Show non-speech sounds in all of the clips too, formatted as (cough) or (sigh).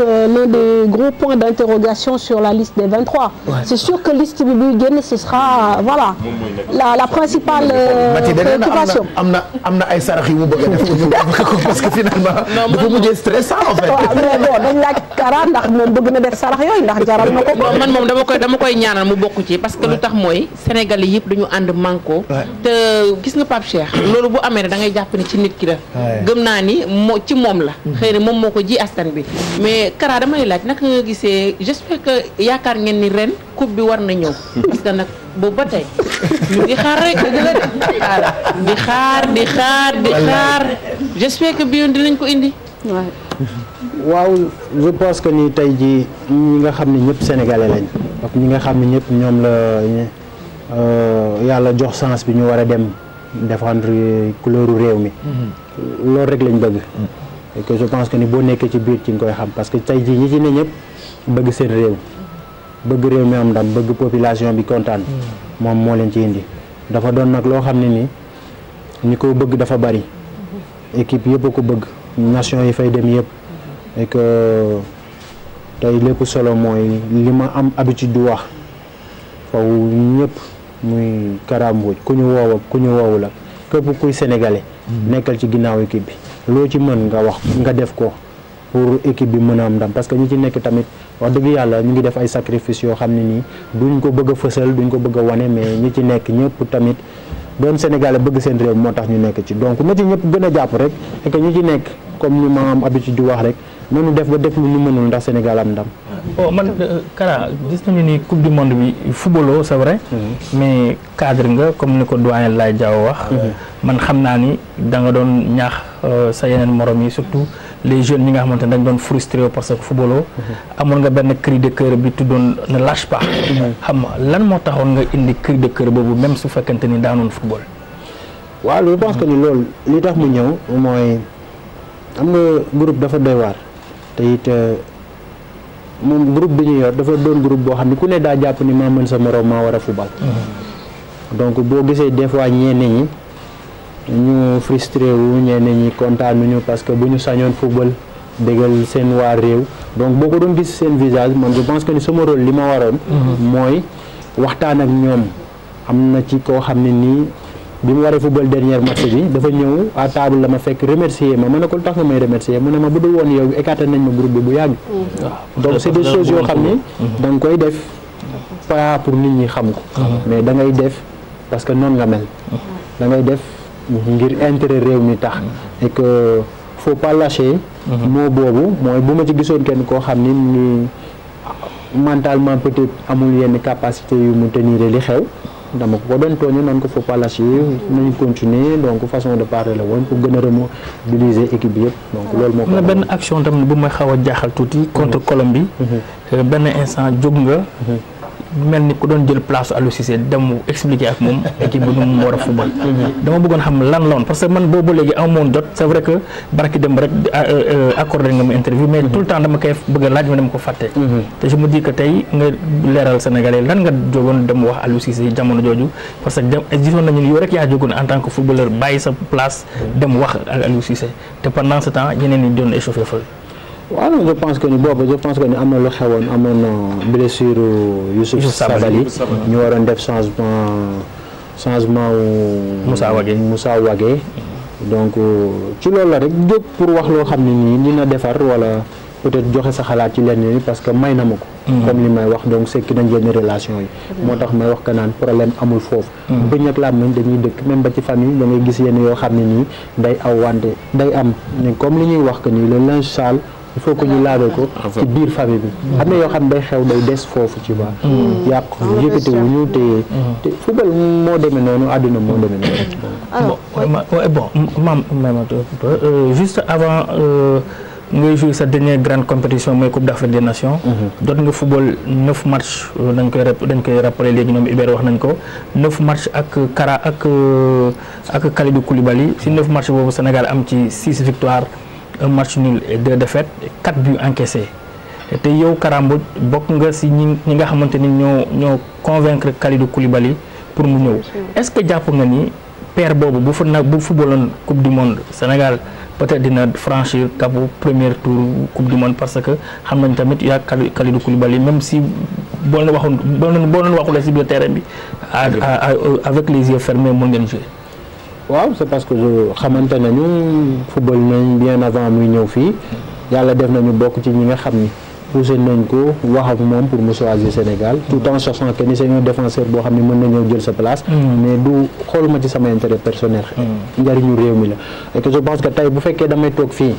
Euh, l'un des gros points d'interrogation sur la liste des 23. Ouais. C'est sûr que liste bi buy génn ce sera voilà la la principale euh, préoccupation. am na am na ay sarax yu mu a def (laughs) parce que finalement. dafa mujjee stressant en ndax moom bëgg na ko. man moom dama koy dama ñaanal mu bokk ci parce que lu tax mooy Sénégalais yëpp dañu ànd manko te gis nga Pape Cheikh loolu bu amee da ngay jàpp ni ci nit ki la. gëm naa ni moo ci moom la. Mm-hmm. xëy na moom moo ko ji askan bi Kara damay laaj naka nga gisee j'espère que yaakaar ngeen ni ren coupe bi war na ñëw. parce que nag boobu ba tey ñu ngi xaar rek dëgg di xaar di xaar di que bi yoon dinañ ko indi waaw. waaw je pense que ni tey jii ñi nga xam ne ñëpp sénégalais lañ ak ñi nga xam ne ñëpp ñoom la euh, yàlla jox chance bi ñu war a dem défendre couleuru réew mi. Mhm. loolu rek lañ bëgg. Mhm. je pense que ni boo nekkee ci biir ci nga koy xam parce que tey jii ñi ci ne ñëpp bëgg seen réew bëgg réew mi am ndam bëgg population bi kontaan moom moo leen ci indi dafa doon nag loo xam ne ni ñu ko bëgg dafa bari équipe yëpp ko bëgg nation yi fay dem yëpp et tey lépp solo mooy li ma am habitude du wax faw ñëpp muy Kara Mbodj ku ñu woow ku ñu woowu la képp kuy sénégalais mm. nekkal ci ginnaaw équipe bi loo ci mën nga wax nga def ko pour équipe bi mën a am ndam parce que ñi ci nekk tamit wax dëgg yàlla ñu ngi def ay sacrifice yoo xam ne nii duñ ko bëgg a fësal duñ ko bëgg wane mais ñi ci nekk ñëpp tamit doon sénégalais bëgg seen réew moo tax ñu nekk ci donc na ci ñëpp gën a jàpp rek et ñi ci nekk comme ni ma am habitude di wax rek nañu def ba def lu ñu mënul ndax Sénégal am ndam. oh man euh, Kara gis nañu ni coupe du monde bi footballoo c'est mhm. mais cadre nga comme ni ko doyen lay jaaw wax. Mhm. man xam naa ni da nga doon ñaax euh, sa yeneen morom yi surtout les jeunes ñi nga xamante ne dañ doon frustré parce que footballoo. Mhm. amoon nga benn cri de cœur bi tuddoon ne lâche pas. xam ma lan moo taxoon nga indi cri de cœur boobu même su fekkente ni daanoon football. waaw je pense que ni loolu li tax mu ñëw mooy am nga groupe dafa doy te it euh, moom groupe bi ñu yor dafa doon groupe boo xam ne ku ne daa jàpp ni maa mën sa moroom maa war a fubal. Mm-hmm. donc boo gisee des fois ñenn ñi ñu frustré wu ñenn ñi kontaanuñu parce que bu ñu sañoon fubal dëggal seen waa réew donc boo ko doon gis seen visage man je pense que ni sama rôle li ma waroon. Mm-hmm. mooy waxtaan ak ñoom am na ci koo xam ne nii. bi mu waree football dernier match bi dafa ñëw à table la ma fekk remercier ma ma ne ko tax nga may remercier mu ne ma bu dul woon yow écarté nañ ma groupe bi bu yàgg. Mm-hmm. donc c'est des choses yoo xam ne. da koy def pas nit ñi xam ko. Mm-hmm. mais da ngay def parce que noonu nga mel. Mm-hmm. da ngay def ngir intérêt réew mi tax. et que faut pas lâcher. moo boobu mooy bu ma ci gisoon kenn koo xam ni mu ngi peut-être amul yenn capacité yu mu tenir li xew. dama ko ko doon tooñu naan ko faut pas nañu continuer donc façon de parler la woon pour gën a remobiliser équipe bi yëpp donc loolu moo ko na benn action tam bu may xaw a jaaxal tuuti contre mhm. Colombie mhm. Euh, benn instant jóg nga mhm. mel ni ku doon jël place Aliou Cissé dem expliquer ak moom équipe bi nu mu war a football dama bëggoon xam lan la parce que man boobu léegi amoon jot c' est vrai que barki dem rek ah, euh, euh, accordé nga ma interview mais tout le temps dama koy bëgg a laaj ma dama ko fàtte mhm. te je me dis que tey nga leeral Sénégalais lan nga jógoon dem wax Aliou Cissé jamono jooju parce que dem gisoon nañu yow rek yaa jógoon en tant que footballeur bàyyi sa place mhm. dem wax ak Aliou te pendant ce temps waaw non je pense que ni boobu je pense que ni na lu xewoon amoon blessure Youssouf Sabaly ñu waroon def changement changement wu Moussa Wagué Moussa Wagué donc ci loolu la rek jóg pour wax loo xam ne nii dina defar wala peut-être joxe sa xalaat ci lenn ni parce que may na ma ko mm-hmm. comme li may wax donc sekki nañ yenn relation yi mm-hmm. moo tax may wax que naan problème amul foofu mm-hmm. bëñ ak laam dañuy dëkk même ba ci famille da ngay gis yenn yoo xam ne nii day aw wante day am comme li ñuy wax le linge il faut que ñu laabee ko ci biir famille bi am na yoo xam day xew day des foofu ci ba mm. mm. yàqu ah, yëkkati wu ñu mm. te football moo demee noonu àdduna moo demee noonu ah, bon maam maam euh, juste avant euh, ngay joué sa dernière grande compétition mooy Coupe d'Afrique des Nations doot mm-hmm. nga football neuf match euh, dañ koy dañ koy rappelé léegi ñoom Iber wax nañ ko neuf match ak Kara ak ak Kalidou Koulibaly si neuf match boobu senegal am ci six victoires un match nul de deux défaites quatre buts encaissés te yow Kara bokk nga si ñi ñi nga xamante ni ñoo ñoo convaincre Kalidou Koulibaly pour mu ñëw est-ce que jàpp nga ni per boobu bu fa na bu footballoon coupe du monde Sénégal peut-être dina franchir capu premier tour coupe du monde parce que xam nañ tamit yaa Kalidou Koulibaly même si boo leen waxoon boo leen si biir terrain bi avec les yeux fermés mën ngeen jouer waaw c'est parce que xamante nañu football nañ bien avant muy ñëw fii yàlla def nañu bokk ci ñi nga xam ni poussé nañ ko wax ak moom pour mu choisir Sénégal tout en cherchant que ni c'est un défenseur boo xam ni mën na ñëw jël sa place mm. mais du xooluma ci sama intérêt personnel mm. njariñu réew mi la et que je pense que tey bu fekkee damay toog fii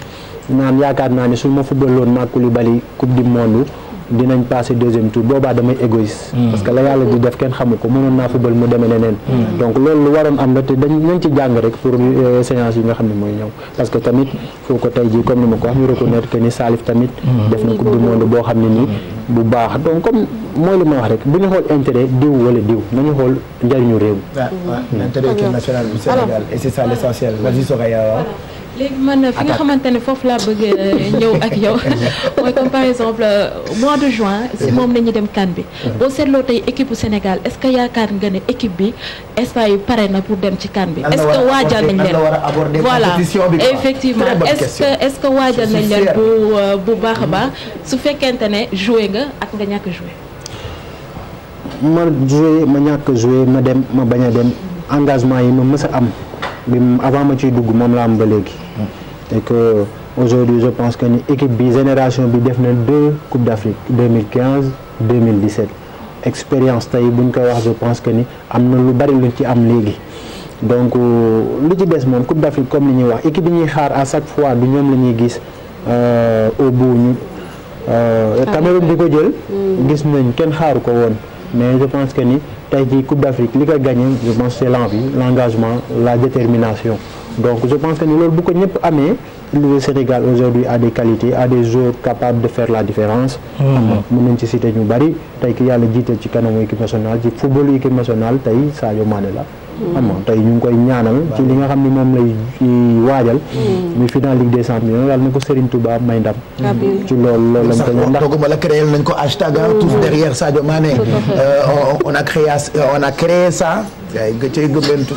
naan yaakaar naa ni su ma football loon maag Koulibaly coupe du monde dinañ passé deuxième tour boobaa damay égoïste hmm. parce que la yàlla di def kenn xamu ko mënoon naa football mu demee neneen hmm. donc loolu lu waroon am la te dañ ci jàng rek pour euh, séance yi nga xam ne mooy ñëw parce que tamit foo ko tey jii comme ni ma ko wax ñu reconnaître que ni Salif tamit hmm. def na coupe du monde boo xam ne nii bu baax donc comme mooy li ma wax rek bu ñu xool intérêt diw wala diw nañu xool njëriñu réew. waaw waaw l'intérêt national du Sénégal et c'est ça l'essentiel. vas-y Soraya. léegi man fi nga xamante ne foofu laa bëgg euh, ñëw ak yow (laughs) mooy comme par exemple euh, mois de juin si mhm. moom nañu dem CAN bi mhm. boo seetloo tey équipe bu Sénégal est-ce que yaakaar nga ne équipe bi instant yi pare na pour dem ci CAN bi est-ce que waajal nañ leen voilà effectivement est-ce que est-ce que waajal nañ bu euh, bu baax a mhm. baax su fekkente ne joué nga ak nga ñàkk joué ma joué ma ñàkk joué ma dem ma bañ a dem engagement yi ma mës a am bi avant ma ciy dugg moom la am ba léegi e que aujourd'hui je pense que ni équipe bi génération bi def na deux Coupe d'Afrique 2015 2017 expérience tey bu ñu koy wax je pense que ni am na lu bari lu ci am léegi donc euh, lu ci des moom Coupe d'Afrique comme li ñuy wax équipe bi ñuy xaar à chaque fois du ñoom la ñuy gis euh, au bout ñu euh, Cameroun bi ko jël hmm. gis nañ kenn xaaru ko woon mais je pense que ni tey jii Coupe d'Afrique li ko gagné je pense c'est l'envie l'engagement la détermination donc je pense que ni loolu bu ko ñëpp amee le Sénégal aujourd'hui a des qualités a des joueurs capables de faire la différence am hmm. mën nañ ci cité ñu bari tey ki yàlla jiital ci kanamu équipe nationale ci footballu équipe nationale tey Sadio Mané la hmm. xam tey ñu ngi koy ñaanal ci hmm. li nga xam ni moom lay waajal muy final Ligue des Champions yàlla na ko Serigne Touba may ndam ci loolu loolu lañ ko ndax tooguma ah, tous derrière Sadio Mané euh, on a créé euh, on a yaa ngi cay gëmbantu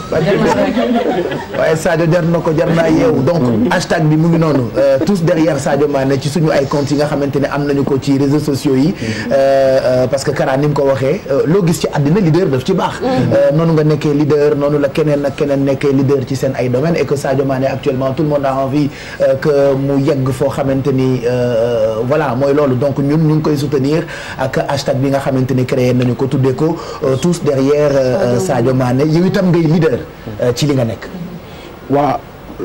waaye Sadio jar na ko jar naa yeewu donc mm. hashtag bi mu ngi noonu euh, tous derrière Sadio maane ci suñu ay comptes yi nga xamante ne am nañu ko ci réseaux sociaux yi mm. euh, euh, parce que Kara ni mu ko waxee loo gis ci àddina leader daf ci baax mm. noonu nga nekkee leader noonu la keneen ak keneen nekkee leader ci seen ay domaines et que Sadio Mané actuellement tout le monde a envie que mu yegg foo xamante ni voilà mooy loolu donc ñun ñu ngi koy soutenir ak hashtag bi nga xamante ni créé nañu ko tuddee ko tous derrière Sadio Mané naa ne yow itam ngay leader euh, ci li nga nekk waaw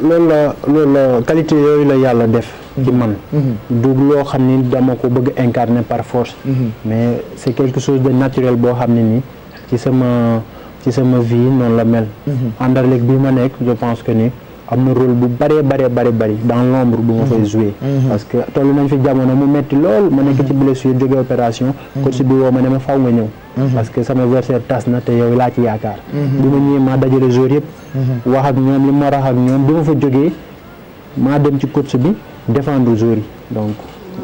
loolu la loolu la qualité yooyu la yàlla def ci man mhm. du loo xam ni dama ko bëgg incarner par force mhm. mais c'est quelque chose de naturel boo xam ne nii ci sama ci sama vie noonu la mel mhm. àndarleeg bi ma nekk je pense que ni am na rôle bu bëree bëree bëri bëri dans l'ombre bu ma fay mhm. joué mhm. parce que toll nañ fi jamono mu metti lool ma nekk ci mhm. blessure jóge opération coach bi woo ma ne ma faw nga ñëw parce que sama adversaire tas na te yow laa ci yaakaar bi ma ñëwee maa dajale joueurs yëpp wax ak ñoom li ma wax ak ñoom bi ma fa jógee maa dem ci coach bi défendre joueurs yi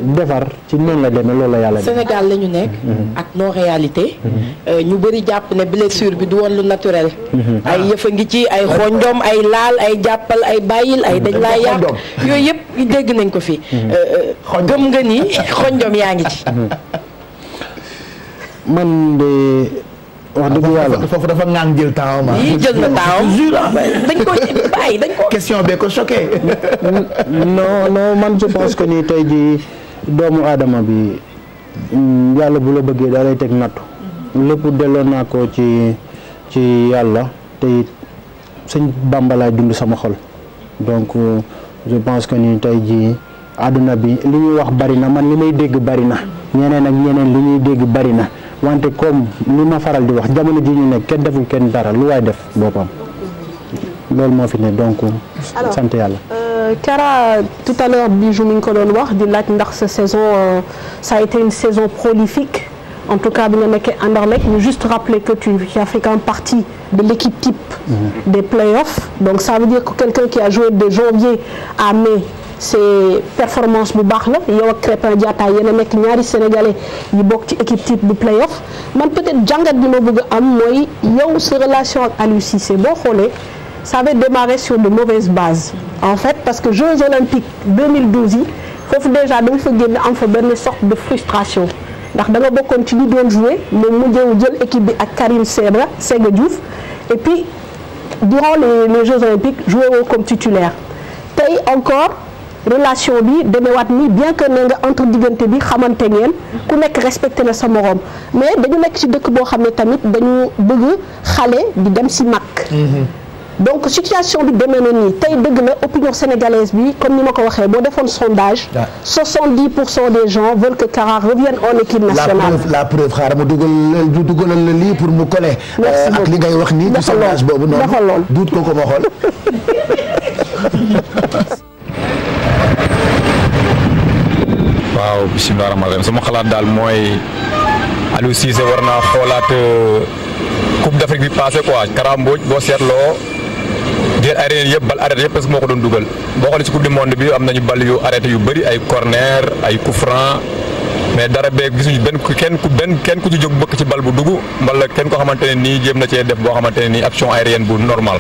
defar ci noonu la demee loolu la yàlla Sénégal la ñu nekk mm-hmm. ak nos réalités mm-hmm. euh, ñu bëri jàpp ne blessure bi du woon lu naturel mm-hmm. ay ah. yëfa ngi ci ay xonjom ay laal ay jàppal ay bàyyil ay dañ laa yàq yooyu yëpp dégg nañ ko fi euh, euh, gëm nga ni xonjom yaa ngi ci man de wax ah, dafa ngaan jël temps ma. dañ ko bàyyi dañ ko. question bee ko choqué. non non man je pense que ni tey jii. doomu aadama bi yàlla bu la bëggee da lay teg nattu lépp delloo naa ko ci ci yàlla tey it sëñ Bàmba dund sama xol donc je pense que ni tey jii àdduna bi li ñuy wax bari na man li may dégg bari na ñeneen ak ñeneen li ñuy dégg bari na wante comme li ma faral di wax jamono ji ñu nekk kenn deful kenn dara lu waay def boppam loolu moo fi ne donc sant yàlla euh, Kara tout à l'heure bi mu ngi ko doon wax di laaj ndax sa saison euh, ça a été une saison prolifique en tout cas bi nga nekkee Anderlecht ñu juste rappeler que tu as fait quand partie de l'équipe type mhm. des playoffs donc ça veut dire que quelqu'un qui a joué de janvier à mai c'est performance bu baax la yow ak Crépin Diatta yéen a nekk ñaari sénégalais yi bokk ci équipe type bu playoff man peut-être jàngat bi ma bëgg a am mooy yow sa relation ak Aliou Cissé boo xoolee ça avait démarré sur de mauvaises bases en parce que Jeux olympiques 2012 yi foofu déjà da nga fa génn am fa benn sorte de frustration ndax da nga bokkoon ci li doon joué moom mujjewu jël équipe bi ak Karim Séba Séga Diouf et puis durant les les Jeux olympiques joué woo comme titulaire tey encore relation bi demewaat ni bien que ne nga entre diggante bi xamante ngeen ku nekk respecté na sa moroom mais dañu nekk ci dëkk boo xam ne tamit dañu bëgg xale di dem si mag mm-hmm. donc situation bi demee na nii tey dëgg la opinion sénégalaise bi comme ni ma ko waxee boo defoon sondage. 70 ah. pour cent des gens veulent que Kara revienne en équipe nationale. la preuve xaaral mu dugal du dugalal pour mu coller. Euh, ak li ngay wax nii du sondage boobu noonu dafa lool duut ko ko ma xool. (laughs) waaw bisimilah rahmaani rahiim sama xalaat daal mooy Aliou Cissé war naa xoolaat euh, Coupe d'Afrique bi passé quoi Kara Mbodj boo seetloo. di arrêté yëpp bal arrêté yëpp parce que moo ko doon dugal boo xoolee ci coupe du monde bi am nañu bal yu arrêté yu bëri ay corner ay coup franc mais dara bee gisuñu benn kenn ku benn kenn ku ci jóg mbëkk ci bal bu dugg wala kenn ko xamante ne nii jéem na cee def boo xamante ne nii action aérienne bu normal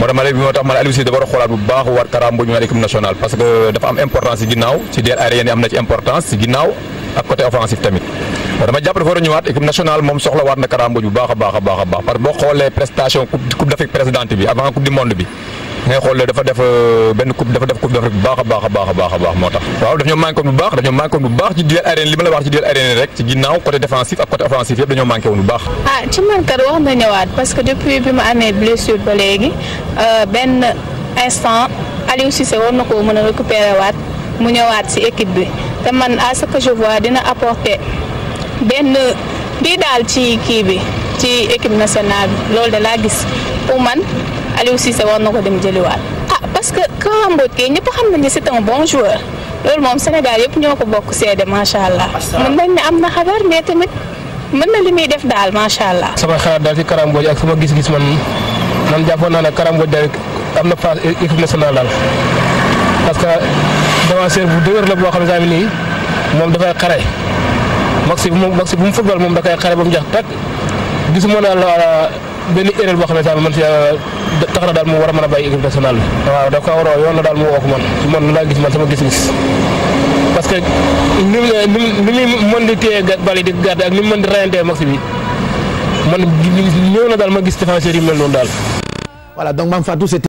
moo tax ma ne moo tax a xoolaat bu baax war Kara Mbodj mu naan nationale parce que dafa am importance ci ginnaaw ci DRR yéen am na ci importance ak côté offensif tamit dama jàpp dafa war a ñëwaat équipe nationale moom soxlawaat na Kara bu baax a baax a baax parce que boo xoolee prestation coupe d'Afrique présidente bi avant coupe du monde bi ngay xoolee dafa def euh, benn coupe d'Afrique bu baax a baax a baax a baax moo tax waaw dafa ah, ñëwaat parce que depuis bi ma amee blessure ba léegi euh, benn instant Aliou Cissé war na ko mën a récupérer waat mu ñëwaat si équipe bi te man a ce que je vois dina apporter benn bii daal ci kii bi ci équipe nationale loolu da laa gis pour man Aliou Cissé war na ko dem jëliwaat. ah parce que Kara Mbodj kay ñëpp xam nañu ne c'est un bon joueur loolu moom Sénégal yëpp ñoo ko bokk seede macha allah. mën nañ ne am na xabaar mais tamit mën na li muy def daal macha allah. sama xalaat daal ci Kara ak sama gis-gis man man jàppoon naa ne Kara Mbodj daal am na place équipe nationale daal parce que. défenseur bu dëgër la boo xam ne saa bi nii moom dafay xare maxi bu moom maxi bu moom da xare ba mu jax teg gisuma daal benn erreur boo xam saa bi man si euh, tax na daal mu war a mën a bàyyi équipe nationale bi. waaw da ko war a yoon la daal mu woo ko man man laa gis man sama gis-gis parce que ni mu ni mu mën di téye bal yi di garder ak ni mu mën di rayantee maxi bi man ñëw na daal ma gis défenseur yi mel noonu daal. voilà donc Mame Fatou